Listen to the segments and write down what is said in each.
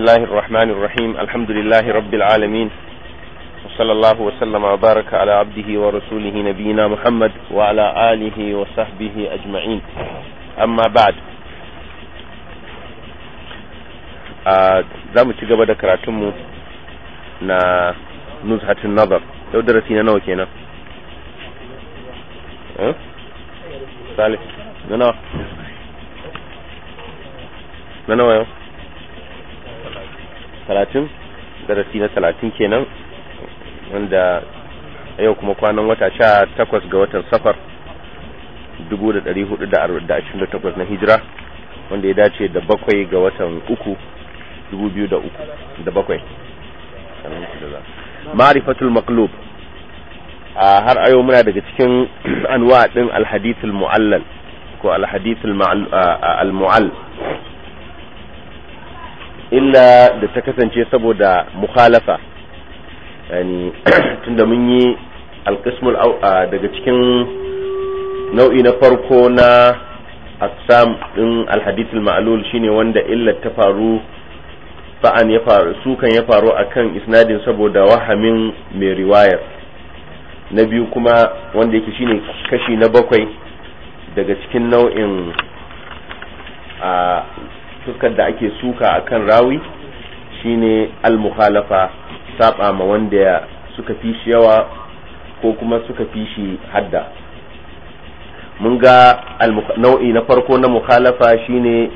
الله الرحمن الرحيم الحمد لله رب العالمين وصلى الله وسلم وبارك على عبده ورسوله نبينا محمد وعلى آله وصحبه أجمعين أما بعد za mu ci gaba نا karatunmu na nuzhatin nazar yau darasi na nawa kenan eh? talatin darasi na talatin kenan wanda yau kuma kwanan wata sha takwas ga watan safar dubu da dari hudu da ashirin da takwas na hijira wanda ya dace da bakwai ga watan uku dubu biyu da uku da bakwai ma'arifatul maqlub a har ayo muna daga cikin anwa din alhadithul mu'allal ko alhadithul al-mu'all illa da ta kasance saboda mukhalafa yani tunda mun yi alqismul daga cikin nau'i na farko na aksam din alhadithul ma'lul shine wanda illa ta faru fa'an ya faru sukan ya faru akan isnadin saboda wahamin mai riwayar na biyu kuma wanda yake shine kashi na bakwai daga cikin nau'in fuskar da ake suka a kan rawi shine al-mukhalafa saba ma wanda suka fi shi yawa ko kuma suka fi shi hadda mun ga nau'i na farko na mukhalafa shine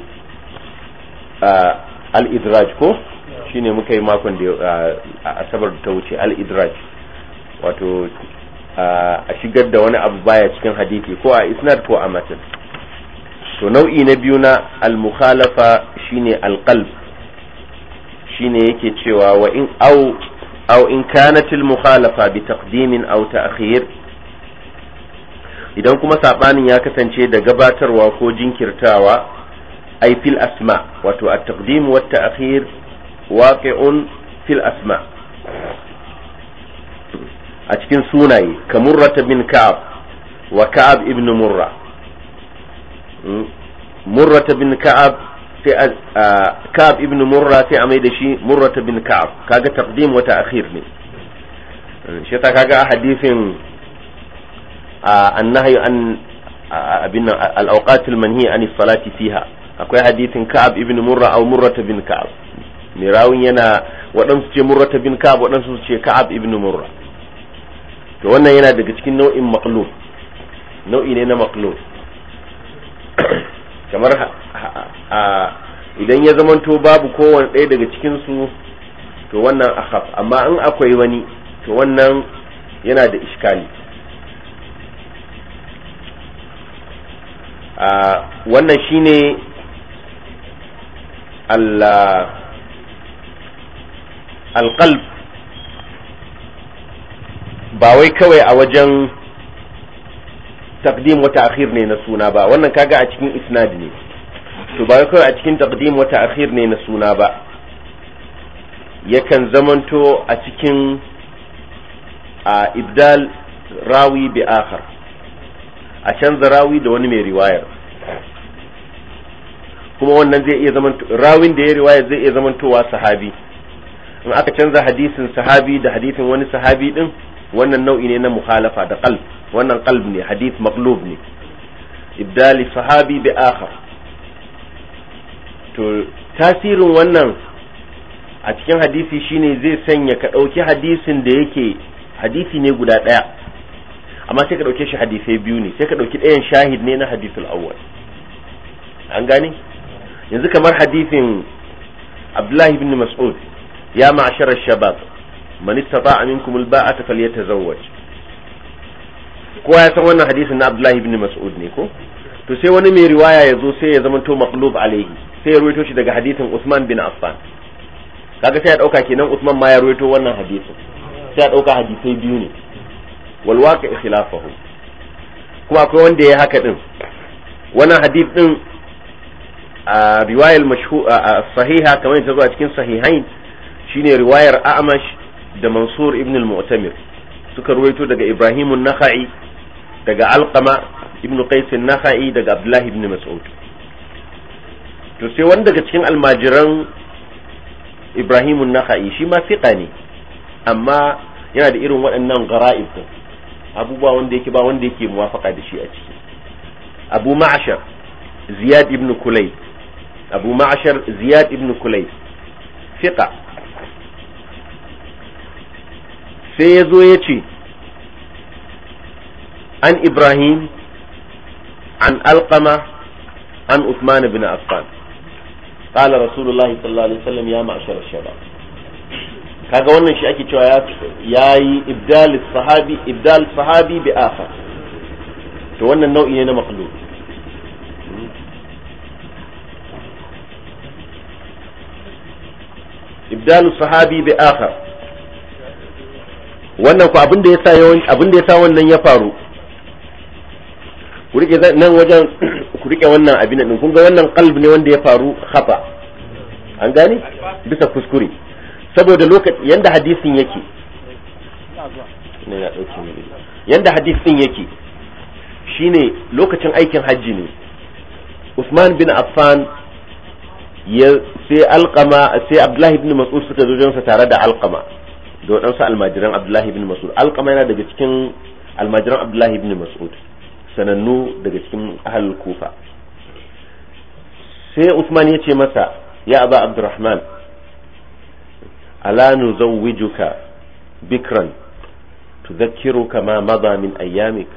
al-idraj ko shine muka yi makon da asabar da ta wuce al'idraj idraj wato a shigar da wani abu baya cikin hadithi ko a isnad ko a matan to nau'i na biyu na al-mukhalafa shine al-qalb shine yake cewa wa in au au in kanat al-mukhalafa bi taqdimin aw ta'khir idan kuma sabanin ya kasance da gabatarwa ko jinkirtawa ay fil asma wato at-taqdim wa at-ta'khir waqi'un fil asma a cikin sunaye kamurrata bin ka'ab wa ka'ab ibn murra murrata bin ka'ab sai ka'ab ibn murra sai a mai da shi murrata bin ka'ab kaga taqdim wa ta'khir ne shi ta kaga hadisin annahyu an abin al-awqat al-manhi an salati fiha akwai hadisin ka'ab ibn murra aw murrata bin ka'ab mai rawun yana waɗansu ce murrata bin ka'ab waɗansu ce ka'ab ibn murra to wannan yana daga cikin nau'in maqlub nau'i ne na maqlub kamar a idan ya zamanto babu kowane ɗaya daga cikinsu to wannan akhaf amma in akwai wani to wannan yana da iskali a wannan shine alƙalb ba wai kawai a wajen taqdim wa ta'khir ne na suna ba wannan kaga a cikin isnad ne to ba kawai a cikin taqdim wa ta'khir ne na suna ba yakan zamanto a cikin a ibdal rawi bi akhar a canza rawi da wani mai riwayar kuma wannan zai iya zaman rawin da ya riwaya zai iya zamantowa sahabi in aka canza hadisin sahabi da hadisin wani sahabi din wannan nau'i ne na mukhalafa da qalb wannan qalb ne hadith maqlub ne ibdali sahabi bi akhar to tasirin wannan a cikin hadisi shine zai sanya ka ɗauki hadisin da yake hadisi ne guda ɗaya amma sai ka ɗauke shi hadisai biyu ne sai ka ɗauki ɗayan shahid ne na hadisul awwal an gane yanzu kamar hadisin abdullahi ibn mas'ud ya ma'ashar shabab man istata'a minkum al-ba'ata falyatazawwaj kowa ya san wannan hadisin na Abdullahi ibn Mas'ud ne ko to sai wani mai riwaya ya zo sai ya zama to maqlub alaihi sai ya ruwaito shi daga hadisin Usman bin Affan kaga sai ya dauka kenan Usman ma ya ruwaito wannan hadisin sai ya dauka hadisai biyu ne wal waqi khilafahu kuma akwai wanda ya haka din wannan hadith din a riwayar mashhur sahiha kamar ta zuwa a cikin sahihain shine riwayar A'mash da Mansur ibn al-Mu'tamir suka ruwaito daga Ibrahim an-Nakhai daga alqama ibn qais an-nakhai daga abdullahi ibn mas'ud to sai wanda daga cikin almajiran ibrahim an-nakhai shi ma fiqa ne amma yana da irin waɗannan gara'ib din abubuwa wanda yake ba wanda yake muwafaka da shi a ciki abu ma'ashar ziyad ibn kulay abu ma'ashar ziyad ibn kulay fiqa sai ya zo ya ce an ibrahim an alqama an usman bin affan qala rasulullahi sallallahu alaihi wasallam ya ma'shar kaga wannan shi ake cewa ya yi ibdal sahabi bi akhar to wannan nau'i ne na makhluq ibdal sahabi bi akhar wannan ku abinda yasa yawan abinda yasa wannan ya faru ku rike nan wajen ku rike wannan abin din kun ga wannan qalb ne wanda ya faru khata an gane bisa kuskure saboda lokaci yanda hadisin yake yanda hadisin yake shine lokacin aikin hajji ne Usman bin Affan ya sai alqama sai Abdullahi bin Mas'ud suka zo jinsa tare da alqama da waɗansu almajiran Abdullahi bin Mas'ud alqama yana daga cikin almajiran Abdullahi bin Mas'ud sanannu daga cikin ahal kufa sai Usman ya ce masa ya aba Abdurrahman ala nuzawwijuka bikran tudhakkiruka ma madha min ayyamik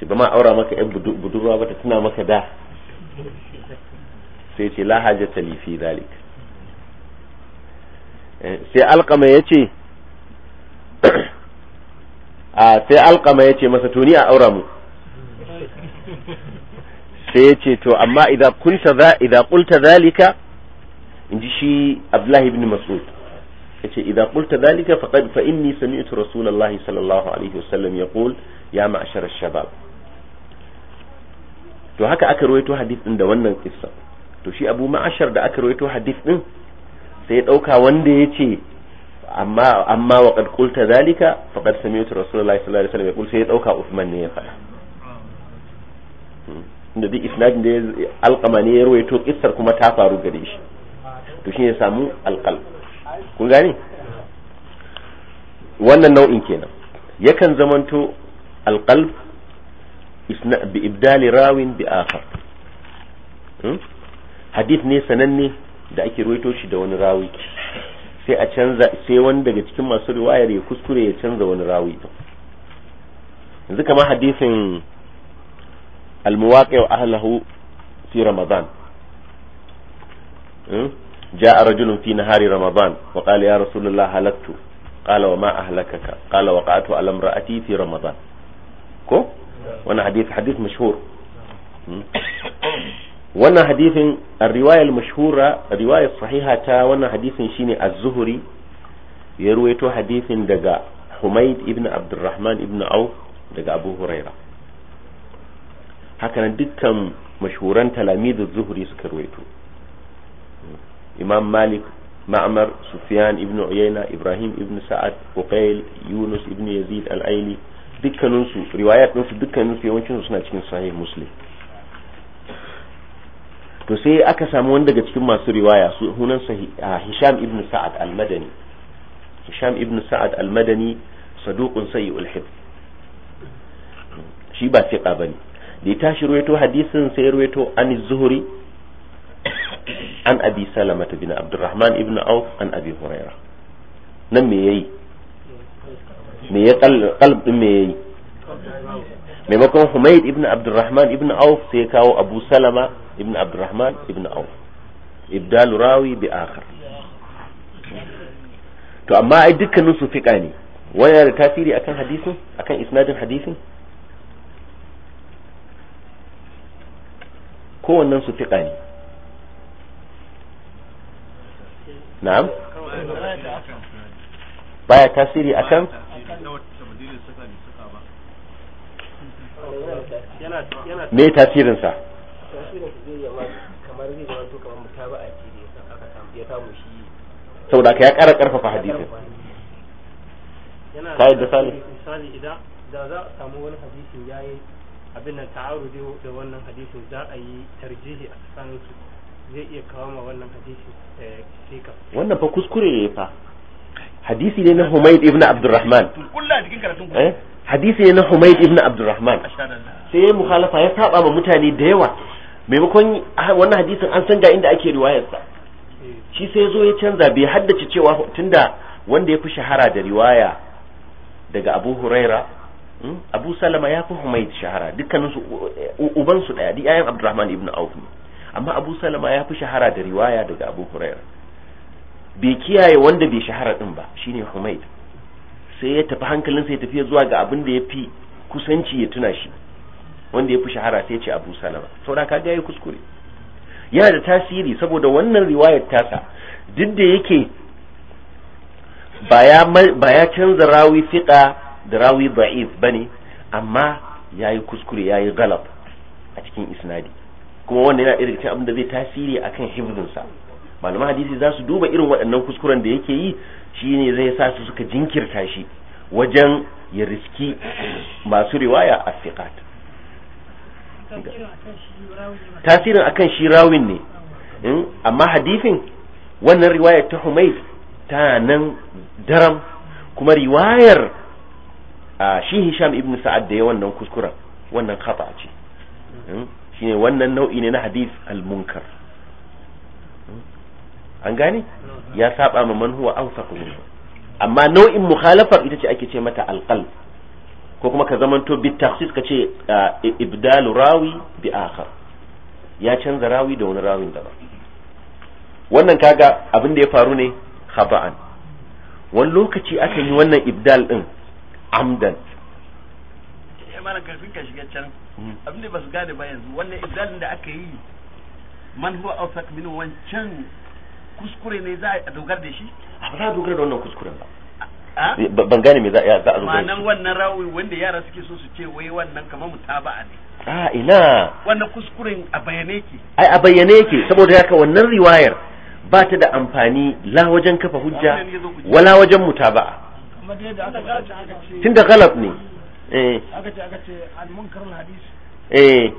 shi ba ma aura maka yan budurwa ba ta tuna maka da sai ce la hajata li fi eh, sai alqama yace sai alkama ya ce masa toni a aura mu sai ya ce to amma idan kulta zalika in ji shi abdullahi ibn mas'ud ce idan kulta zalika fa inni sami'tu rasulullahi sallallahu alaihi wasallam kul ya ma'ashar a shabab to haka aka rawaito hadith din da wannan kissa to shi abu ma'ashar da aka rawaito hadith din sai ya dauka wanda ya ce. amma amma wa kad qulta zalika faqad sami'tu rasulullahi sallallahu alaihi wasallam yaqul sai ya dauka Uthman ne ya faɗa hmm. da duk isnad da alqama ne ya ruwaito kissar kuma ta faru gare shi to shi ya samu alqal kun gane wannan nau'in kenan yakan zamanto alqal bi ibdali rawin bi akhar hmm? hadith ne sananne da ake ruwaito shi da wani rawi sai a canza sai wani daga cikin masu riwayar ya kuskure ya canza wani rawi din yanzu kamar hadisin almuwaqi wa ahlihi fi ramadan ja hmm? ja'a rajulun fi nahari ramadan wa qala ya rasulullah halattu qala wa ma ahlakaka qala waqa'tu ala imra'ati fi ramadan ko wani hadis hadith mashhur hmm? wannan hadisin riwayar mashhura riwayar sahiha ta wannan hadisin shine az-zuhri ya ruwaito hadisin daga Humaid ibn Abdurrahman ibn Auf daga Abu Huraira hakanan dukkan mashhuran talamidu zuhri suka ruwaito Imam Malik mamad سفيان ibn عيينة ibrahim ابن sa'ad فقيل yunus ابن yazid الأيلي دكا ننسو روايات ننسو yawancin su suna cikin sahih muslim to sai aka samu wani daga cikin masu riwaya hunan ah, hisham ibn sa'ad al-madani hisham ibn sa'ad al-madani saduqun sayyul hifz shi ba fiqa bane da ya tashi ruwaito hadisin sai ruwaito an zuhuri an abi salama bin abdurrahman ibn auf an abi hurairah nan me yayi me ya qalb me yayi maimakon humaid ibn abdurrahman ibn auf sai ya kawo abu salama ibn abdurrahman ibn auf ibdalu rawi bi akhar to amma ai dukkanin su fiqa ne wani da tasiri akan hadisin akan isnadin hadisin kowannen su fiqa ne na'am baya tasiri akan me tasirin sa saboda ka ya kara karfafa hadisin ka da sani idan da za a samu wani hadisin ya yi abin nan ta'arudi da wannan hadisin za a yi tarjihi a tsakanin zai iya kawo ma eh, wannan fa kuskure ne fa hadisi ne na ibn Abdurrahman hadisi ne na Humayd ibn Abdurrahman sai ya ya saba ma mutane da yawa maimakon wannan hadisin an san ga inda ake riwayarsa eh. shi sai zo ya canza bai haddace cewa tunda wanda ya fi shahara da riwaya daga Abu Huraira hmm? Abu Salama ya fi Humayd shahara dukkanin su uban su daya di ayan Abdurrahman ibn Auf amma Abu Salama ya fi shahara da riwaya daga Abu Huraira bai kiyaye wanda bai shahara din ba shine Humayd sai ya tafi hankalinsa ya tafi zuwa ga abin da ya fi kusanci ya tuna shi wanda ya fi shahara sai ya ce abu salama saboda kaga ya yi kuskure yana da tasiri saboda wannan riwayar tasa duk da yake ba ya canza rawi fiƙa da rawi da'if ba ne amma ya yi kuskure ya yi galab a cikin isnadi kuma wannan yana irin abin da zai tasiri akan hifzinsa malaman hadisi za su duba irin waɗannan kuskuren da yake yi shi ne zai sa su suka jinkirta shi wajen ya riski masu riwaya a fiƙat tasirin akan shi rawin ne amma hadifin wannan riwayar ta humaid tana nan daram kuma riwayar a shi hisham ibn sa'ad da ya wannan kuskuren wannan kafa ce shi ne wannan nau'i ne na hadith al-munkar an gane ya saba ma man huwa awsaqu amma nau'in mukhalafar ita ce ake ce mata alqal ko kuma ka zamanto bi takhsis ka ce ibdalu rawi bi akhar ya canza rawi da wani rawin da wannan kaga abin da ya faru ne khaba'an wani lokaci aka yi wannan ibdal din amdan eh, mana kafin ka shiga can abin da ba su gane ba yanzu wannan ibdalin da aka yi man huwa awsaq min wancan kuskure ne za a dogar da shi ba za a dogar da wannan kuskuren ba ban gane me za a dogara. da shi. ma'anan wannan rawi wanda yara suke so su ce wai wannan kamar mutaba'a ne a ina wannan kuskuren a bayyane yake ai a bayyane yake saboda haka wannan riwayar ba ta da amfani la wajen kafa hujja wala wajen mutaba'a tunda galab ne eh aka ce aka ce al munkar al hadis eh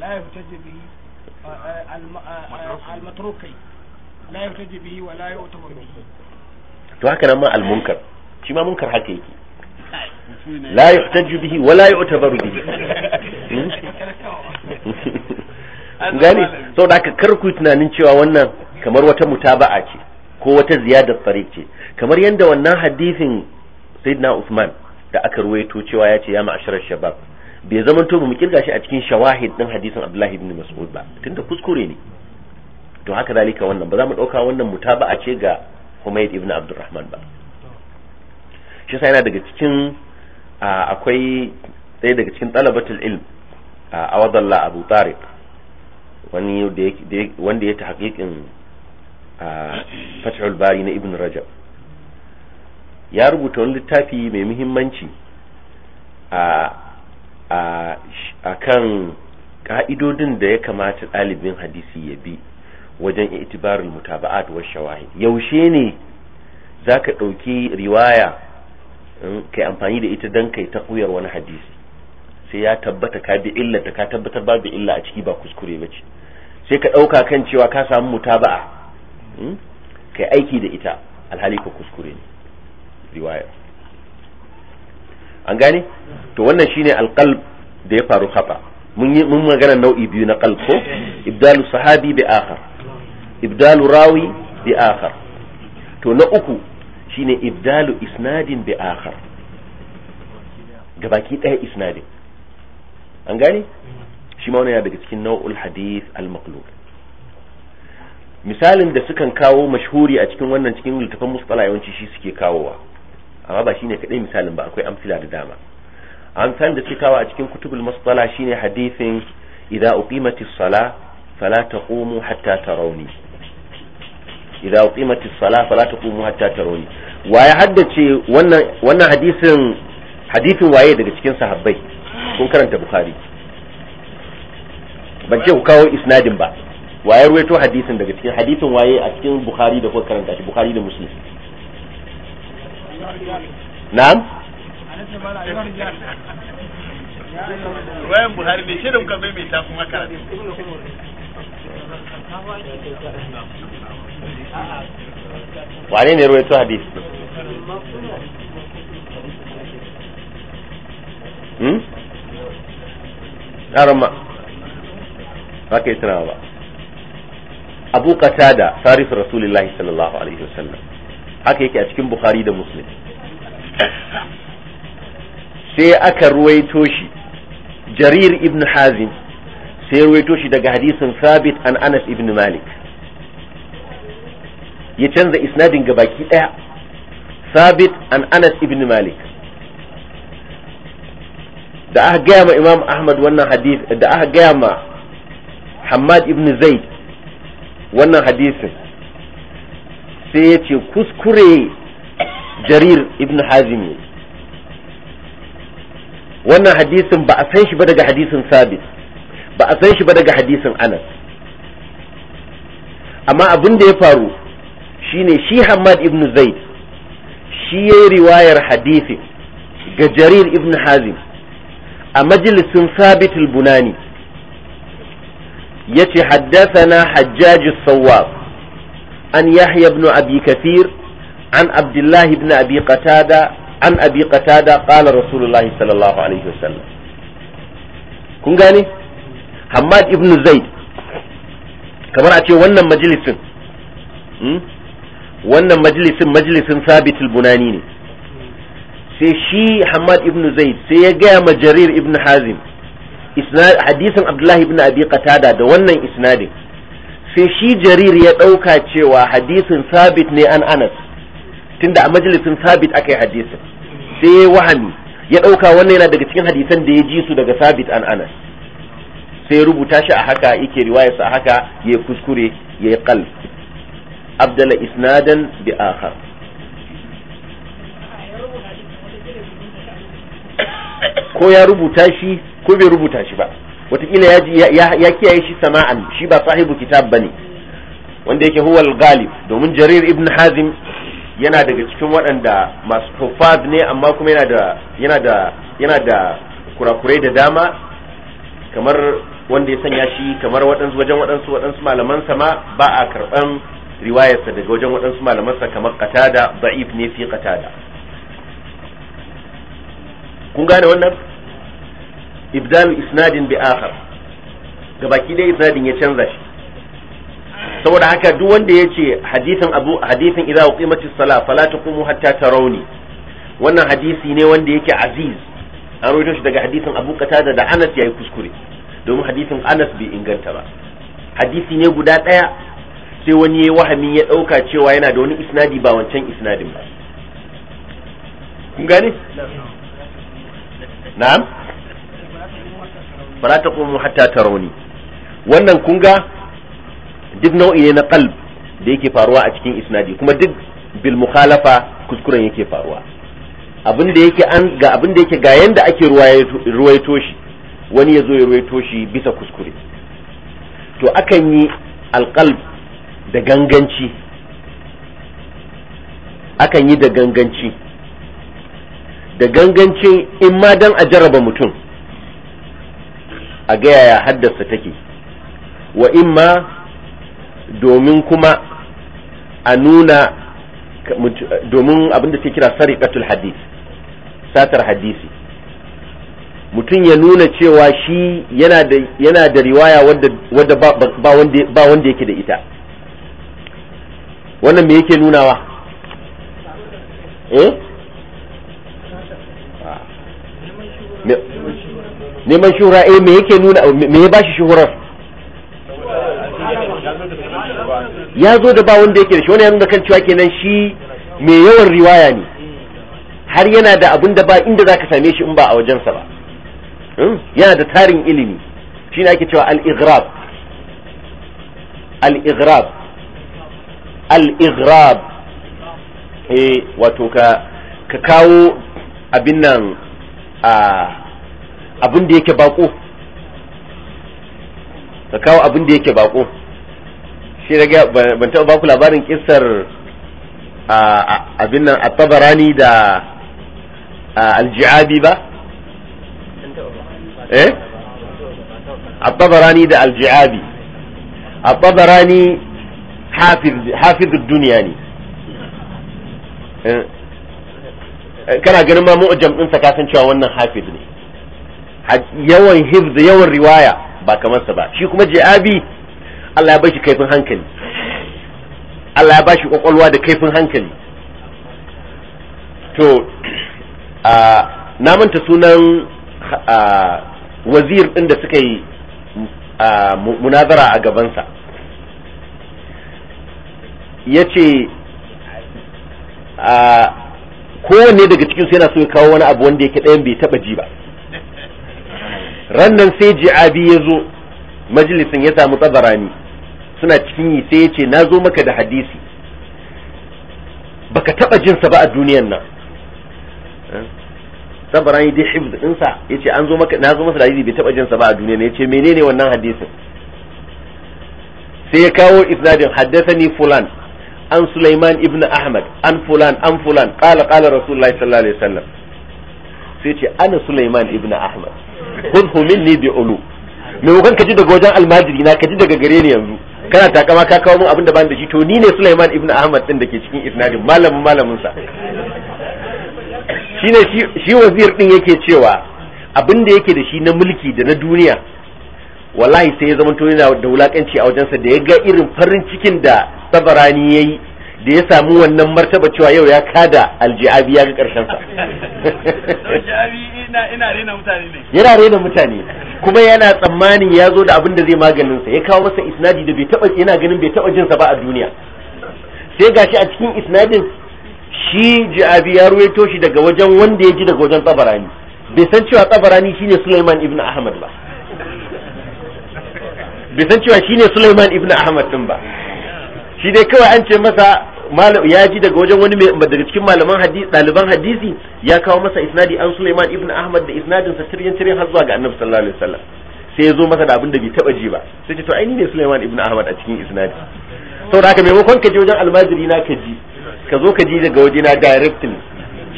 la yutajibi eh, eh, al eh, matrukai la bihi wa la bihi to haka nan ma al-munkar shi ma munkar haka yake la yuhtajju bihi wa la yu'tabaru bihi hmm? gani da haka kar ku tunanin cewa wannan kamar wata mutaba'a ce ko wata ziyadar farid ce kamar yadda wannan hadisin sayyidina Usman da aka ruwaito cewa ya ce ya ma'asharar shabab bai zamanto to mu kirga shi a cikin shawahid din hadisin Abdullahi ibn Mas'ud ba tunda kuskure ne to haka zalika wannan ba za mu ɗauka wannan a ce ga Humayd ibn Abdurrahman ba shi yana daga cikin akwai ɗaya daga cikin talabatul ilm a awadalla Abu Tariq wani wanda ya ta haƙiƙin Fathul Bari na Ibn Rajab ya rubuta wani littafi mai muhimmanci a kan ka'idodin da ya kamata ɗalibin hadisi ya bi wajen itibarin mutaba'at wa shawahid yaushe ne zaka dauki riwaya hmm, kai amfani da ita dan kai takuyar wani hadisi sai ya tabbata ka bi illa da ka tabbatar babu illa a ciki ba kuskure bace sai ka dauka kan cewa ka samu mutaba'a hmm, kai aiki da ita alhali ka kuskure riwaya an gane to wannan shine alqalb da ya faru kafa mun yi mun magana nau'i biyu na qalb ko ibdalu sahabi bi akhar ibdalu rawi bi akhar to na uku shine ibdalu isnadin bi akhar gabaki daya isnadin an gane shi ma wannan daga cikin nau'ul hadith al maqlub misalin da sukan kawo mashhuri a cikin wannan cikin littafin mustala yawanci shi suke kawowa amma ba shine kadai misalin ba akwai amsila da dama amsalin da suke kawo a cikin kutubul mustala shine hadithin idza uqimatis sala fala taqumu hatta tarawni idza uqimatis sala fala taqumu hatta wa ya haddace wannan wannan hadisin hadisin waye daga cikin sahabbai kun karanta bukhari ban ce ku kawo isnadin ba waye ruwaito hadisin daga cikin hadisin waye a cikin bukhari da kuka karanta shi bukhari da muslim na'am ruwayan buhari ne shirin mai wane ne ruwaito hadis hmm arama ba ka yi tunawa ba abu qatada sarif rasulullahi sallallahu alaihi wasallam haka yake a cikin bukhari da muslim sai aka ruwaito shi jarir ibn hazin sai ruwaito shi daga hadisin sabit an anas ibn malik ya canza isnadin ga baki daya sabit an anas ibn malik da aka gaya ma imam ahmad wannan hadith da aka gaya ma hamad ibn zaid wannan hadisin sai ya ce kuskure jarir ibn hazim wannan hadisin ba a san shi ba daga hadisin sabit ba a san shi ba daga hadisin anas amma abin da ya faru shine shi Hamad ibn Zaid shi yayi riwayar hadisi ga Jarir ibn Hazim a majalisin Sabit al-Bunani yace haddathana Hajjaj as-Sawwab an Yahya ibn Abi Kathir an Abdullah ibn Abi Qatada an Abi Qatada qala Rasulullahi sallallahu alaihi wasallam kun gane Hamad ibn Zaid kamar a ce wannan majalisin hmm? wannan majalisin majalisin sabit bunani ne sai shi hamad ibn zaid sai ya gaya ma jarir ibn hazim hadisin abdullahi ibn abi qatada da wannan isnadin sai shi jarir ya ɗauka cewa hadisin sabit ne an anas tunda a majalisin sabit aka yi hadisin sai ya wahami ya ɗauka wannan yana daga cikin hadisan da ya ji su daga sabit an anas sai rubuta shi a haka yake riwayarsa a haka ya kuskure ya yi abdala isnadan bi akhar ko ya rubuta shi ko bai rubuta shi ba watakila ya ya kiyaye shi sama'an shi ba sahibu kitab bane wanda yake huwal galib domin jarir ibn hazim yana daga cikin waɗanda masu tofaz ne amma kuma yana da yana da yana da kurakurai da dama kamar wanda ya sanya shi kamar waɗansu wajen waɗansu waɗansu malaman sama ba a karɓan riwayarsa daga wajen waɗansu malamansa kamar qatada da'if ne fi qatada kun gane wannan ibdal isnadin bi akhar gabaki dai isnadin ya canza shi saboda haka duk wanda ya ce hadithin abu hadithin idza uqimatis sala fala taqumu hatta tarawni wannan hadisi ne wanda yake aziz an rawaito shi daga hadithin abu qatada da anas yayi kuskure domin hadithin anas bai inganta ba hadisi ne guda daya sai wani yayi wahamin ya dauka cewa yana da wani isnadi ba wancan isnadin ba kun gane na'am fara ta kuma hatta tarauni wannan kun ga duk nau'i ne na qalb da yake faruwa a cikin isnadi kuma duk bil mukhalafa kuskuren yake faruwa abin da yake an ga abin da yake ga yanda ake ruwaito shi wani ya zo ya ruwaito shi bisa kuskure to akan yi alqalb da ganganci akan yi da ganganci da ganganci in ma dan a jaraba mutum a ga yaya haddasa take wa in ma domin kuma a nuna domin abinda ke kira sariqatul hadith satar hadisi mutum ya nuna cewa shi yana da riwaya wadda ba wanda yake da ita wannan me yake nunawa eh neman shuhura eh me yake nuna me ya bashi shuhurar ya zo da ba wanda yake da shi wani ya nuna kan cewa kenan shi mai yawan riwaya ne har yana da abin da ba inda za ka same shi in ba a wajensa ba hmm? yana da tarin ilimi shi ne ake cewa al-igrab al-igrab al igrab eh wato ka ka kawo abin nan a abin da yake bako ka kawo abin da yake bako shi daga ban taɓa baku labarin kissar abin nan a tabarani da alji'abi ba eh a tabarani da alji'abi a tabarani hafiz duniya ne kana ganin ma mu'jam din sa kasan cewa wannan hafiz ne yawan hifz yawan riwaya ba kamar sa ba shi kuma ji'abi Allah ya bashi kaifin hankali Allah ya bashi kwakwalwa da kaifin hankali to a na manta sunan wazir din da suka yi munazara a gabansa ya ce a kowanne daga cikinsu yana so ya kawo wani abu wanda yake ɗayan bai taɓa ji ba rannan sai ji'abi ya zo majalisin ya samu tsabarani suna cikin yi sai ya ce na zo maka da hadisi baka taɓa jinsa ba a duniyan nan tsabarani dai hibz ɗinsa ya ce na zo masa da hadisi bai taɓa jinsa ba a duniyan ya ce menene wannan hadisin sai ya kawo isnadin haddasa ni fulan an Sulaiman ibn Ahmad an fulan an fulan qala qala Rasulullahi sallallahu alaihi wasallam sai ce ana Sulaiman ibn Ahmad khudhu minni bi ulu maimakon ka ji daga wajen almajiri na ka ji daga gare ni yanzu kana takama ka kawo min abinda da bani da shi to ni ne Sulaiman ibn Ahmad din da ke cikin isnadin malamin malamin sa shine shi shi wazir din yake cewa abinda da yake da shi na mulki da na duniya wallahi sai ya zama yana da wulakanci a wajensa da ya ga irin farin cikin da sabarani ya yi da ya samu wannan martaba cewa yau ya kada aljiabi ya ga karshen sa yana rena mutane kuma yana tsammanin ya zo da abin da zai maganin sa ya kawo masa isnadi da bai taba yana ganin bai taba jinsa ba a duniya sai gashi a cikin isnadin shi jiabi ya ruwaito shi daga wajen wanda ya ji daga wajen tsabarani bai san cewa tsabarani shine Suleiman ibn Ahmad ba bai san cewa shine Sulaiman ibn Ahmad din ba shi dai kawai an ce masa ya ji daga wajen wani daga cikin malaman hadisi ɗaliban hadisi ya kawo masa isnadi an Sulaiman ibn Ahmad da isnadin sa tiryan tiryan har zuwa ga Annabi sallallahu alaihi wasallam sai ya zo masa da abin da bai taba ji ba sai ce to ai ni ne Sulaiman ibn Ahmad a cikin isnadi saboda haka maimakon ka je wajen almajiri na ka ji ka zo ka ji daga waje na directly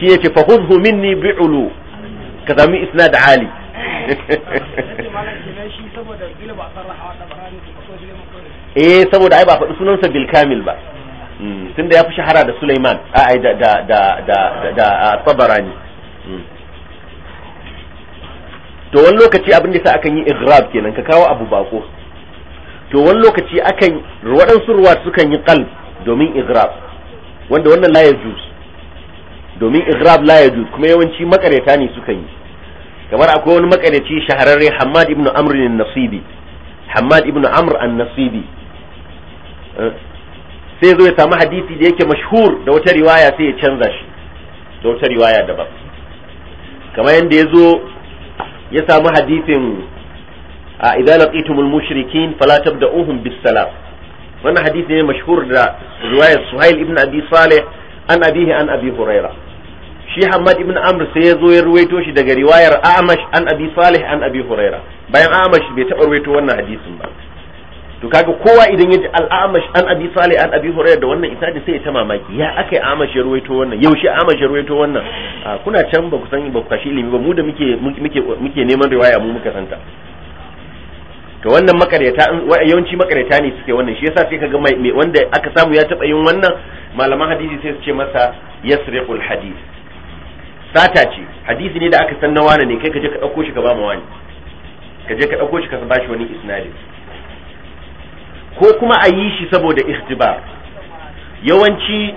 shi yace fa khudhu minni bi'ulu ka sami isnad ali eh saboda ai ba faɗi sunansa bil kamil ba hmm, tunda ya fi shahara da Suleiman a da da da da Tabarani hmm. to wani lokaci abin da sa akan yi igrab kenan ka kawo abu bako to wani lokaci akan waɗansu ruwa sukan yi qalb domin igrab wanda wannan la yajuz domin igrab la yajuz kuma yawanci makareta ne sukan yi kamar akwai wani makarici shahararre Hamad ibn Amr an-Nasibi Hamad ibn Amr an-Nasibi eh, sai zo ya samu hadisi da yake mashhur da wata riwaya sai ya canza shi da wata riwaya daban kamar yadda ya zo ya samu hadisin a idan laqitumul mushrikin fala tabda'uhum bis salam wannan hadisi ne mashhur da riwayar Suhail ibn Abi Saleh an abihi an Abi Hurairah shi Hamad ibn Amr sai ya zo ya ruwaito shi daga riwayar Amash an Abi Salih an Abi Huraira bayan Amash bai taɓa ruwaito wannan hadisin ba to kaga kowa idan ya ji al-Amash an Abi Salih an Abi Huraira da wannan isadi sai ya ta mamaki ya akai Amash ya ruwaito wannan yaushe Amash ya ruwaito wannan kuna can ba ku san ba ku kashi ilimi ba mu da muke muke muke neman riwaya mu muka santa to wannan makaryata yawanci makaryata ne suke wannan shi yasa sai kaga mai wanda aka samu ya taɓa yin wannan malaman hadisi sai su ce masa yasriqul hadith sata ce hadisi ne da aka san na wani ne kai ka je ka ɗauko shi ka ba mu wani ka je ka ɗauko shi ka ba shi wani isnadin ko kuma a yi shi saboda ikhtibar yawanci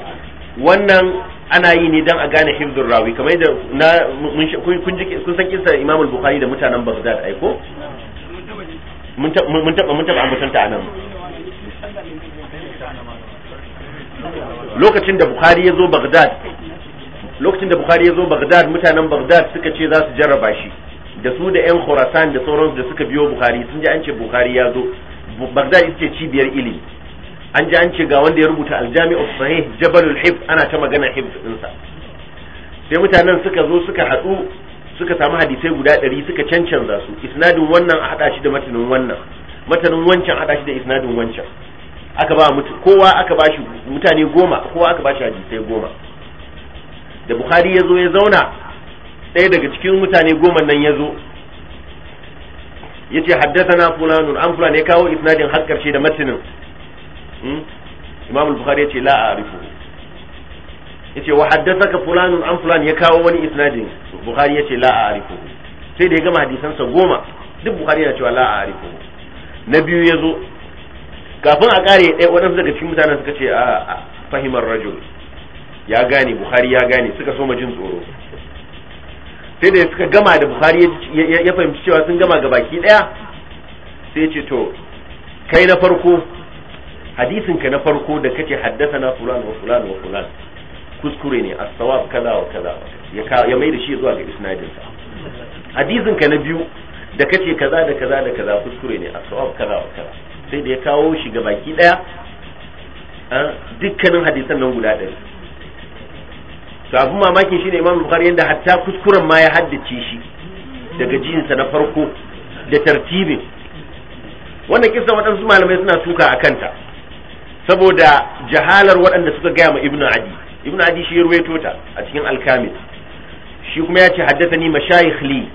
wannan ana yi ne dan a gane hifzur rawi kamar da na kun ji kun san kisa Imam al-Bukhari da mutanen Baghdad ai ko mun taba mun taba mun taba a nan lokacin da Bukhari ya zo Baghdad lokacin da bukhari ya zo bagdad mutanen bagdad suka ce za su jarraba shi da su da yan khurasan da sauransu da suka biyo bukhari sun ji an ce bukhari ya zo bagdad ita ce cibiyar ilimi an ji an ce ga wanda ya rubuta aljami'u sahih jabalul hifz ana ta magana hifz dinsa sai mutanen suka zo suka haɗu suka samu hadisai guda ɗari suka cancanza su isnadin wannan a haɗa shi da matanin wannan matanin wancan haɗa shi da isnadin wancan aka ba mutu kowa aka ba shi mutane goma kowa aka ba shi hadisai goma da bukhari ya zo ya zauna ɗaya daga cikin mutane goma nan ya zo ya ce haddasa fulanun an fulani ya kawo isnadin har karshe da matinin hmm? imam bukhari ya ce la a arifu ya ce wa haddasa ka fulanun an fulani ya kawo wani isnadin bukhari ya ce la a arifu sai da ya gama hadisansa goma duk bukhari yana cewa la a arifu na biyu ya zo kafin a kare ɗaya waɗansu daga cikin mutanen suka ce a fahimar rajul ya gane buhari ya gane suka soma jin tsoro sai da suka gama da buhari ya fahimci cewa sun gama ga baki daya sai ce to kai na farko hadisin ka na farko da kace haddasa na fulan wa fulan wa fulan kuskure ne a sawab kaza wa kaza ya mai da shi zuwa ga isnadin sa hadisin ka na biyu da kace kaza da kaza da kaza kuskure ne a sawab kaza wa kaza sai da ya kawo shi ga baki daya ah, dukkanin hadisan nan guda ɗari to abin mamakin ne imam bukhari yanda hatta kuskuren ma ya haddace shi daga jinsa na farko da tartibin wannan kisa waɗansu malamai suna tuka a kanta saboda jahalar waɗanda suka gaya ma ibnu adi ibnu adi shi ya ta a cikin alkamis shi kuma ya ce haddasa ni mashayikh li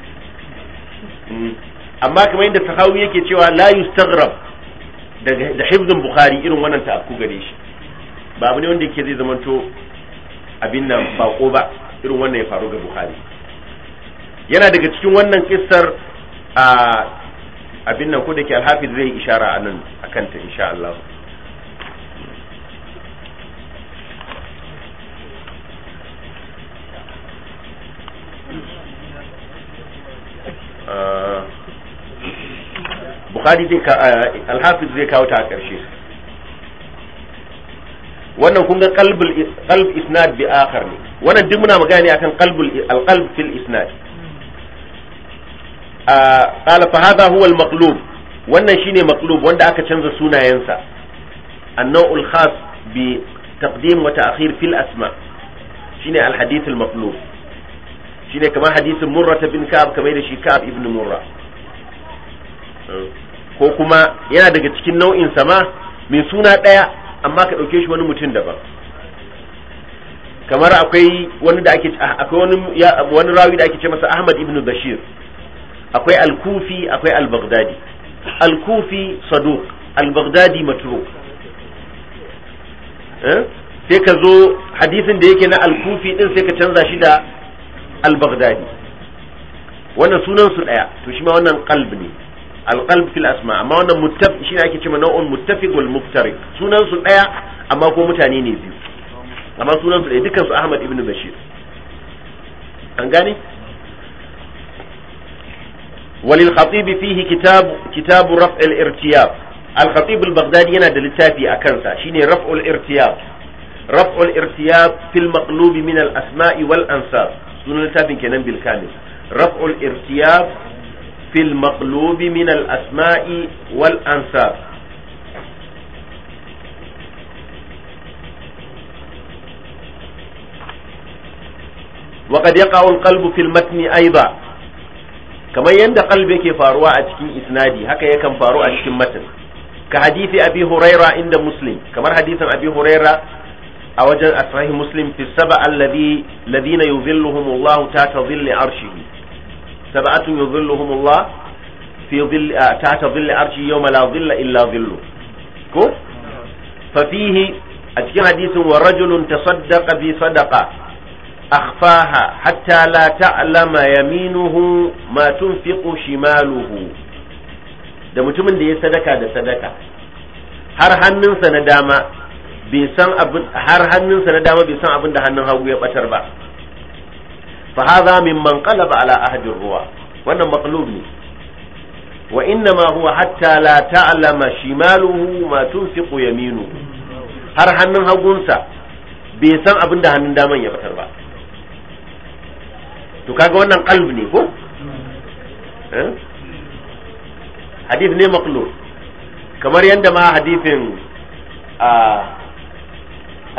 mm. amma kamar yadda sahawi yake cewa la yustagrab da hifzin bukhari irin wannan ta'akku gare shi ba abu ne wanda yake zai zamanto abin nan bako ba irin wannan ya faru ga bukhari yana daga cikin wannan kissar a abin nan ko da ke alhafiz zai ishara a nan a kanta insha Allah Bukhari zai alhafiz zai kawo ta a ƙarshe wannan kun ga qalbul qalb isnad bi akhar ne wannan duk muna magana ne akan qalbul alqalb fil isnad a ah, qala fa hadha huwa wannan shine maqlub wanda aka canza sunayensa annawul khas bi taqdim wa ta'khir fil asma shine alhadith almaqlub shine kamar hadisin murra bin ka'ab kamar da shi ka'ab ibn murra ko kuma yana daga cikin nau'in sama mai suna daya amma ka ɗauke shi wani mutum daban kamar akwai wani da ake akwai wani wani rawi da ake ce masa Ahmad ibn Bashir akwai al-Kufi akwai al-Baghdadi al-Kufi saduq al-Baghdadi matruk eh sai ka zo hadisin da yake na al-Kufi din sai ka canza shi da al-Baghdadi wannan sunan su daya to shi ma wannan qalb ne alqalb fil asma amma wannan muttaf shine ake cewa nau'un muttafiq wal muftariq sunan su daya amma ko mutane ne biyu amma sunan su daya dukkan su Ahmad ibn Bashir an gane walil khatibi fihi kitab kitab raf' al irtiyab al khatib al baghdadi yana da littafi a kansa shine raf' al irtiyab raf' al irtiyab fil maqlub min al asma'i wal ansab sunan littafin kenan bil kamil raf' al irtiyab في المطلوب من الأسماء والأنساب وقد يقع القلب في المتن أيضا كما يند قلبك فاروا أتكين إسنادي هكا يكن فاروا أتكين متن كحديث أبي هريرة عند مسلم كما حديث أبي هريرة أوجد أسرائه مسلم في السبع الذي الذين يظلهم الله تحت ظل عرشه sab'atun yuzilluhumullah fi dhill ta dhilli arshi yawma la dhilla illa dhillu ko fa fihi a cikin hadisin wa rajulun tasaddaqa bi sadaqa akhfaha hatta la ta'lama yaminuhu ma tunfiqu shimaluhu da mutumin da ya sadaka da sadaka har hannunsa na dama bai san abin san abin da hannun hagu ya batar ba fa hadha mimman qalaba ala ahdi ruwa wannan maqlub ne wa inna ma huwa hatta la ta'lama shimaluhu ma tunfiqu yaminuhu har hannun hagunsa bai san abin da hannun daman ya fitar ba to kaga wannan qalb ne ko hadith ne maqlub kamar yadda ma hadithin a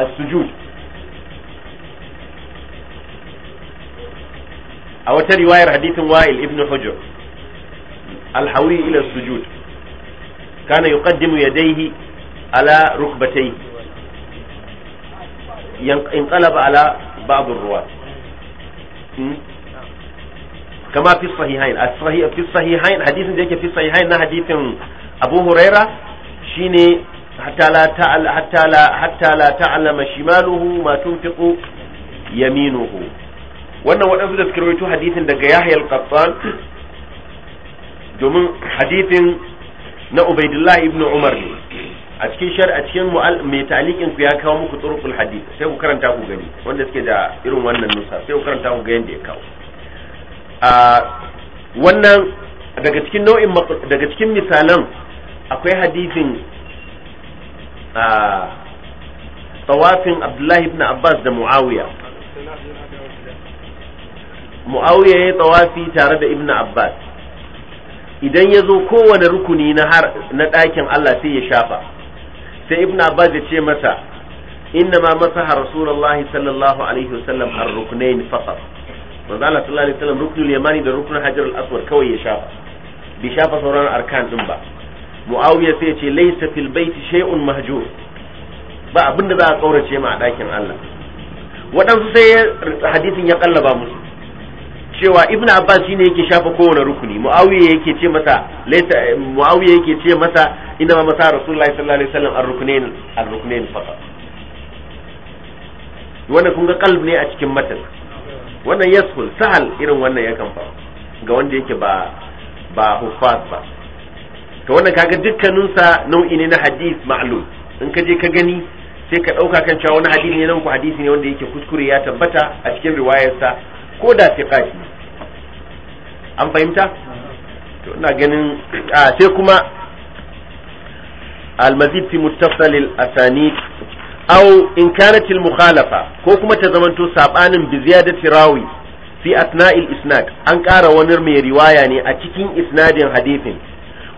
as-sujud a wata riwayar hadithin wa'il ibn hujr alhawi ila sujud kana yuqaddimu yadayhi ala rukbatayhi yanqalaba ala ba'd ar-ruwat hmm? kama fi sahihain fi sahihain hadisin da yake fi sahihain na hadithin abu huraira shine hatta la ta'ala hatta la hatta la ta'lama shimaluhu ma tunfiqu yaminuhu wannan waɗansu da suka rawaito hadithin daga Yahya al-Qattan domin hadithin na Ubaidullah ibn Umar ne a cikin shar a cikin mai talikin ku ya kawo muku turqul hadith sai ku karanta ku gani wanda suke da irin wannan nusa sai ku karanta ku ga yanda ya kawo a wannan daga cikin nau'in daga cikin misalan akwai hadithin a tawafin Abdullah ibn Abbas da Muawiya mu'awiya ya tawafi tare da ibnu abbas idan ya zo kowane rukuni na har na ɗakin Allah sai ya shafa sai ibnu abbas ya ce masa inna ma masaha rasulullahi sallallahu alaihi wasallam ar-ruknayn faqat manzo Allah sallallahu alaihi wasallam ruknul yamani da ruknul hajar al-aswad kawai ya shafa bi shafa sauran arkan din ba muawiya sai ya ce laysa fil baiti shay'un mahjur ba abinda za a kaurace ma a ɗakin Allah waɗansu sai hadisin ya kallaba musu cewa ibnu abbas shine yake shafa kowane rukuni muawiya yake ce masa laita muawiya yake ce masa inna ma masa rasulullahi sallallahu alaihi wasallam ar-ruknain ar-ruknain faqat wannan kun ga kalb ne a cikin matan wannan yasful sahal irin wannan kan fa ga wanda yake ba ba hufaz ba to wannan kaga dukkaninsa nau'i ne na hadith ma'lum in ka je ka gani sai ka dauka kan cewa wani hadisi ne nan ku hadisi ne wanda yake kuskure ya tabbata a cikin sa ko da kashi, an fahimta to ina ganin a sai kuma al fi muttasil al-asanid aw in kanat al-mukhalafa ko kuma ta zamanto sabanin bi ziyadati rawi fi atna'il isnad an ƙara wani mai riwaya ne a cikin isnadin hadithin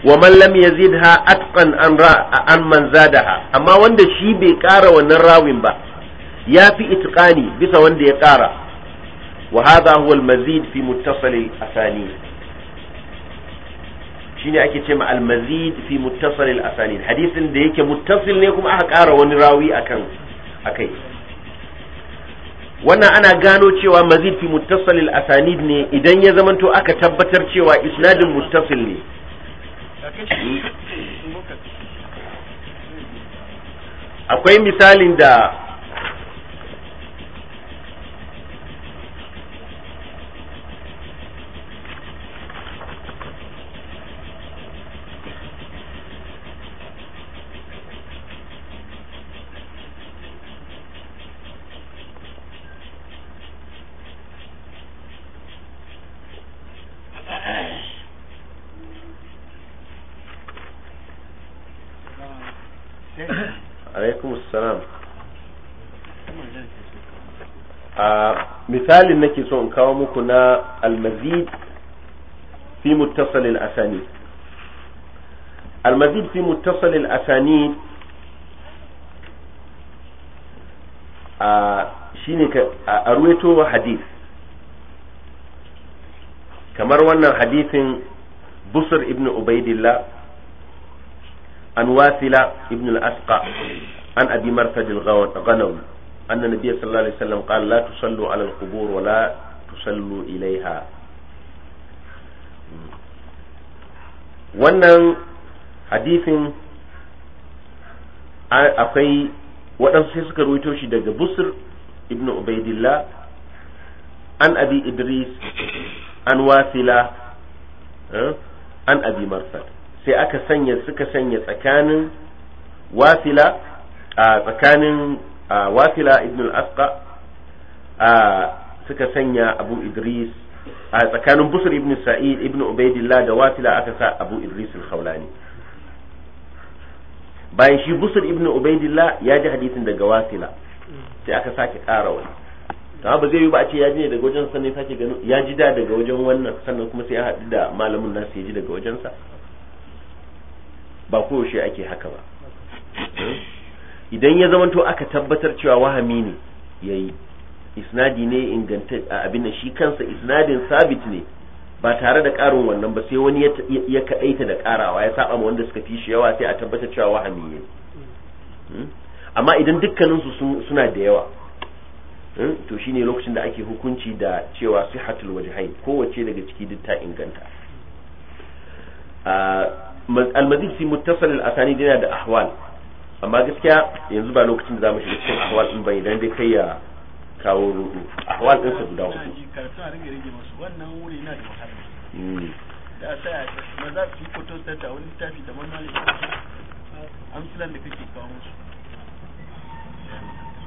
wa man lam yazidha atqan an an man zadaha amma wanda shi bai ƙara wannan rawin ba ya fi itqani bisa wanda ya ƙara وهذا هو المزيد في متصل الأسانيد shine ake ce ma almazid fi muttasil asanid hadisin da yake muttasil ne kuma aka ƙara wani rawi akan akai wannan ana gano cewa mazid fi muttasil al-asanid ne idan ya zamanto aka tabbatar cewa isnadin muttasil ne akwai misalin da a misalin nake so in kawo muku na almazid fi muttasalil asani almazid fi muttasalil asani a shine a ruwaito hadith kamar wannan hadithin busr ibn ubaidillah an wasila ibn al-asqa an abi marfad al أن النبي صلى الله عليه وسلم قال لا تصلوا على القبور ولا تصلوا إليها wannan hadisin akwai waɗansu sai suka ruwaito shi daga busr ibn ubaidillah an abi idris an wasila an abi marsad sai aka sanya suka sanya tsakanin wasila a tsakanin wafila ibn al-asqa suka sanya abu idris a tsakanin busur ibn sa'id ibn ubaidillah da wafila aka sa abu idris al-khawlani bayan shi busur ibn ubaidillah ya ji hadisin daga wafila sai aka sake ƙara wani amma ba zai yi ba a ce ya ji ne daga wajen sannan sake gano ya ji da daga wajen wannan sannan kuma sai ya haɗu da malamin nasu ya ji daga wajensa ba koyaushe ake haka ba idan ya zamanto aka tabbatar cewa wahami ne yayi isnadi ne inganta abin da shi kansa isnadin sabit ne ba tare da ƙarin wannan ba sai wani ya kaɗaita da karawa ya saba wanda suka fi shi yawa sai a tabbatar cewa wahami ne hmm? amma idan dukkaninsu suna da yawa hmm, to shine lokacin da ake hukunci da cewa sihatul wajhain kowace daga ciki duk ta inganta ah, almazid fi muttasil al-asani yana da ahwal amma gaskiya yanzu ba lokacin da zamu shiga cikin ahwal din bai dan dai kai ya kawo rudu ahwal din su guda hudu a rage rage musu wannan wuri hmm.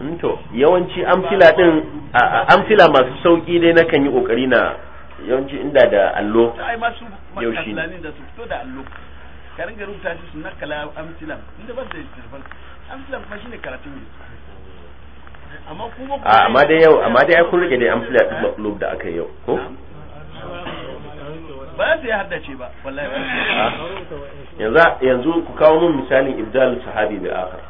yi to yawanci amfila din amfila masu sauki dai na kan yi kokari na yawanci inda da allo yaushe ne da su da allo ka ringa rubuta shi suna kala amsilam inda ba su da littattafan amsilam kuma shine karatu ne amma kuma ah, amma dai yau amma dai ai kun rike dai amsilam din matlub da aka yau ko ba su hada ce ba wallahi ah. yanzu yanzu ku kawo mun misalin ibdal sahabi bi akhar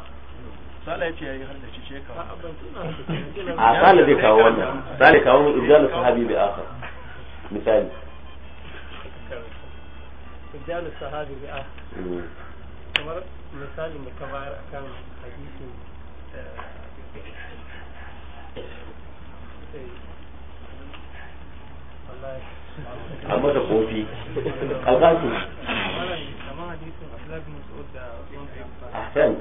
sala yi yayi ce shi ka a sala zai kawo wannan sala kawo mun ibdal sahabi bi akhar misali استبدال الصحابي بآخر kamar misali da ka bayar akan hadisin a mata kofi a gasu ahsan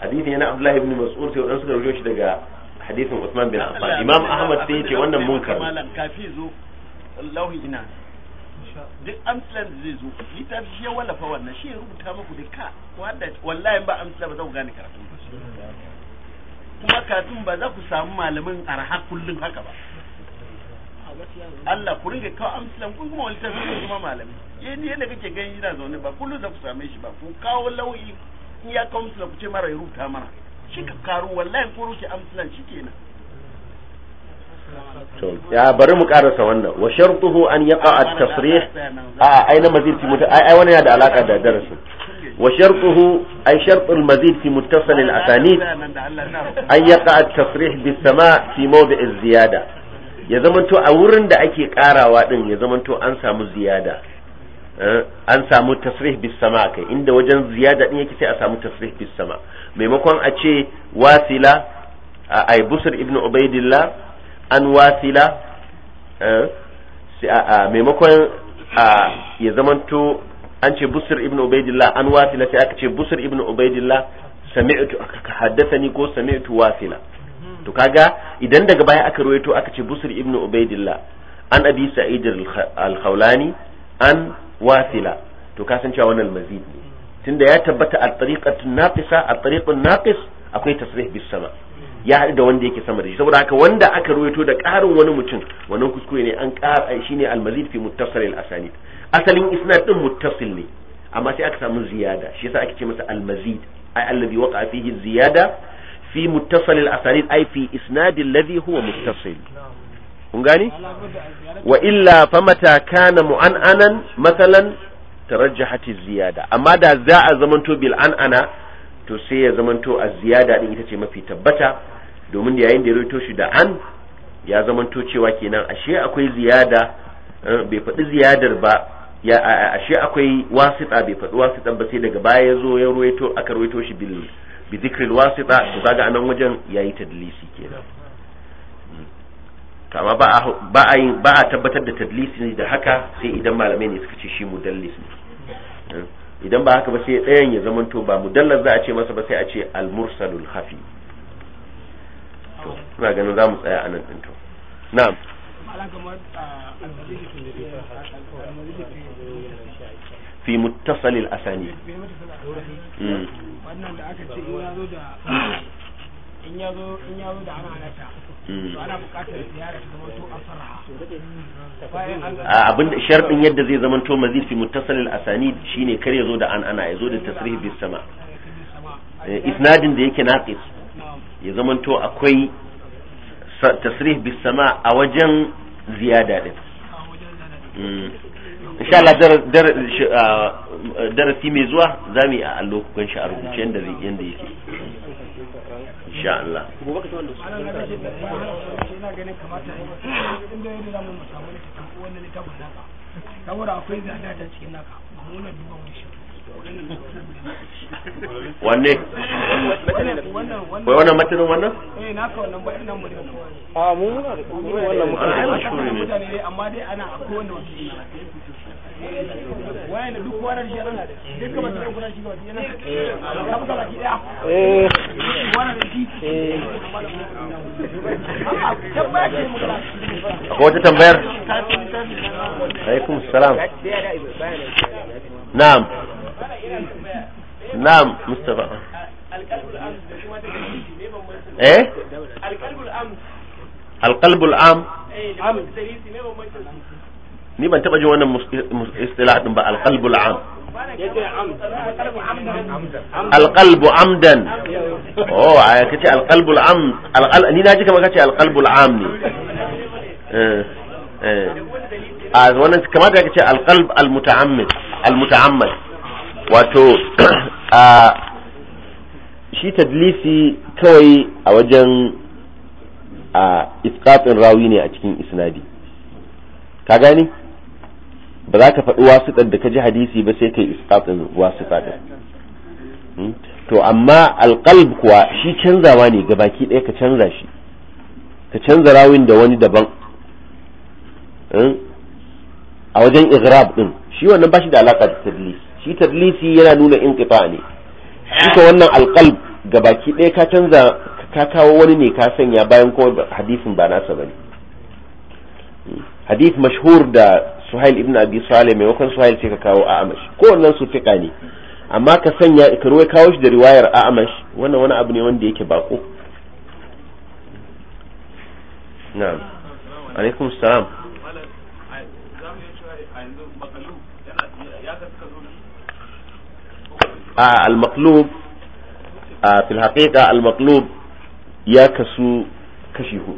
hadisin yana abdullahi ibn mas'ud sai wadansu garujo shi daga hadisin usman bin affan imam ahmad sai ya ce wannan munkar malam kafi zo lauhi ina duk amsila da zai zo littafi ya wallafa wannan shi ya rubuta muku da ka wallahi ba amsila ba za ku gane karatun ba kuma karatun ba za ku samu malamin arha kullum haka ba Allah ku ringa kawo amsilan kun kuma wani tafi kuma malami yadda kake ganin yana zaune ba kullum za ku same shi ba ku kawo lauyi in ya kawo amsila ku ce mara ya rubuta mana shi ka karu wallahi ko ruke amsilan shi kenan to ya bari mu karasa wannan wa shartuhu an yaqa at-tasrih a ai na mazid fi ai wannan yana da alaka da darasi. wa shartuhu ai al mazid fi muttasil al-asanid an yaqa at-tasrih bis sama fi mawdi' al ziyada ya zamanto a wurin da ake karawa din ya zamanto an samu ziyada eh, an samu tasrih bis sama kai inda wajen ziyada din yake sai a samu tasrih bis sama maimakon a ce wasila ai busr ibn ubaidillah an wasila eh, maimakon ya zamanto an ce Busir ibn ubaidillah an wasila sai aka ce Busir ibn ubaidillah sami'tu haddathani ko sami'tu wasila to kaga idan daga baya aka ruwaito aka ce Busir ibn ubaidillah an abi sa'id al-khawlani an wasila to ka san cewa wannan mazid ne tunda ya tabbata a tariqatu naqisa a tariqun naqis akwai tasrih bis sama' ya haɗu da wanda yake sama da shi saboda haka wanda aka ruwaito da ƙarin wani mutum wannan kuskure ne an ƙara shine ne almazid fi muttasil al-asanid asalin isnad din muttasil ne amma sai aka samu ziyada shi yasa ake ce masa al-mazid ay alladhi waqa fihi ziyada fi muttasil al-asanid ay fi isnad alladhi huwa muttasil kun gani wa illa famata kana mu'an'anan mathalan tarajjahat ziyada amma da za a zamanto bil an'ana to sai ya zamanto a ziyada din ita ce mafi tabbata domin da yayin da ya rawaito shi da an ya zamanto cewa kenan ashe akwai ziyada eh, bai faɗi ziyadar ba ya ashe akwai wasita bai faɗi wasitan ba sai daga baya ya zo ya rawaito aka rawaito shi bil bi zikril wasita to kaga anan wajen yayi tadlisi kenan kama hmm. ba a ba a tabbatar da tadlisi da haka sai idan malamai ne suka ce shi mudallis ne hmm. idan ba haka ba sai ɗayan ya zamanto ba mudallas za a ce masa ba sai a ce al mursalul khafi to ina ganin za mu tsaya a nan din to na'am fi muttasalil asani wannan hmm. hmm. da aka ce in yazo da in in da ana to ana buƙatar ziyara ta abin sharɗin yadda zai zamanto to mazid fi muttasalil asani shine kar ya zo da an ana ya zo da tasrih bis sama eh, isnadin da yake naqis ya zamanto akwai tasrih bis sama a wajen ziyada din mm. insha Allah darasi mai zuwa za mu yi a lokacin shi a rubuce yadda zai yadda yake insha Allah saboda akwai zada ta cikin naka ba mu duba wani shi wanne wannan matanin wannan eh na a mu wannan wata tambayar eh. alaikum salam na'am نعم مستغرب القلب الامس ايه القلب الامس القلب الام ni ban taba jin wannan istilah din ba alqalbul am alqalbu amdan oh aya kace alqalbul am alqal ni naji kamar kace alqalbul am ne eh eh a wannan kamar da kace alqalb almutaammid almutaammid wato a shi tadlisi kawai a wajen a isqatin rawi ne a cikin isnadi ka gani ba za ka faɗi wasiɗar da ka ji hadisi ba sai kai isqatin wasiɗa din hmm? to amma alqalb kuwa shi canzawa ne gabaki ɗaya ka canza shi ka canza rawin da wani daban hmm? a wajen igrab din shi wannan ba shi da alaka da tadlis shi tablisi yana nuna inqita ne ka wannan ga baki ɗaya ka canza ka kawo wani ne ka sanya bayan kuma hadisin ba nasa ne hadif mashhur da Suhail ibn Abi mai maimakon Suhail ce ka kawo a amash ko wannan su fiƙa ne amma ka sanya ka ruwa kawo shi da riwayar a amash wannan wani abu ne wanda yake bako na alaikum salam آه المطلوب آه في الحقيقة المطلوب كسو كشفه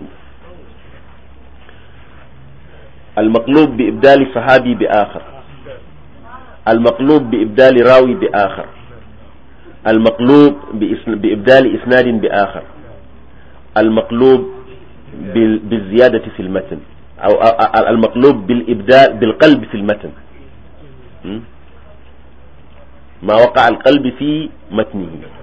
المطلوب بإبدال صحابي بآخر المطلوب بإبدال راوي بآخر المطلوب بإبدال إسناد بآخر المطلوب بالزيادة في المتن المطلوب بالإبداع بالقلب في المتن ما وقع القلب في متنه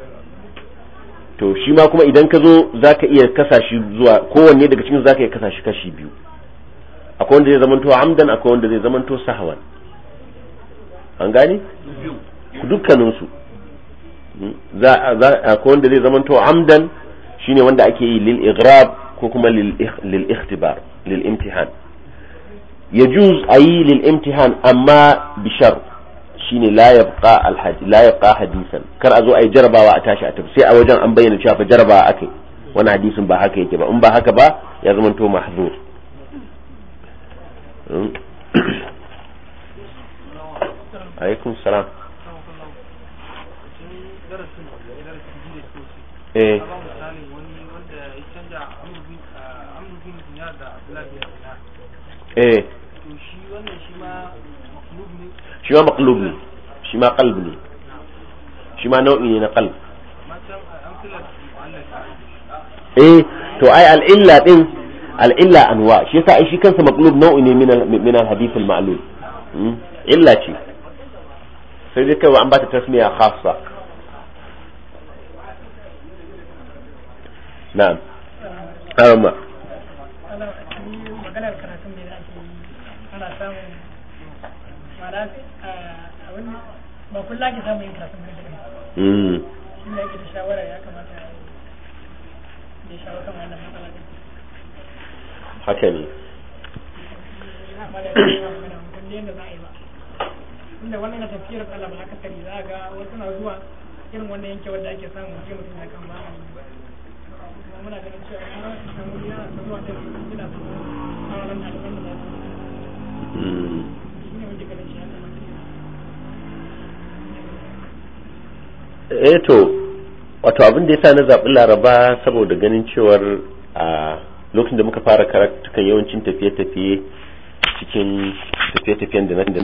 to shi ma kuma idan ka zo za ka iya kasa shi zuwa kowanne daga cikin za ka iya kasashi shi kashi biyu akwai wanda zai zamanto amdan akwai wanda zai zamanto sahawan an gani dukkaninsu akwai wanda zai zamanto amdan shine wanda ake yi lil igrab ko kuma lil ikhtibar lil imtihan yajuz ayi lil imtihan amma bishar shine la yabqa hadisan kar a zo jarabawa a tashi a tafi sai a wajen an bayyana cewa fa jarabawa akai wani hadisin ba haka yake ba in ba haka ba ya zama to mahzur hmm. alaikum salam eh eh shi ma maqlub ne shi ma qalb ne shi ma nau'i ne na qalb eh to ai al'illa din al'illa anwa shi yasa ai shi kansa maqlub nau'i ne min al-hadith al-ma'lul hmm? illa ce sai dai kai an bata tasmiya khassa na'am amma ba kullum ki samu yin karatun gargaɗi hmm. shi ne ake da shawara ya kamata ya shawo kan wannan matsala haka ne inda wannan na tafiyar talaba haka za a ga wasu na zuwa irin wannan yankewar da ake samu sai mutum ya kan ba a yi muna ganin cewa yana zuwa da yana a ranar da eh to wato abin da yasa na zaɓi laraba saboda ganin cewar a lokacin da muka fara karatukan yawancin tafiye-tafiye cikin tafiye-tafiyen da na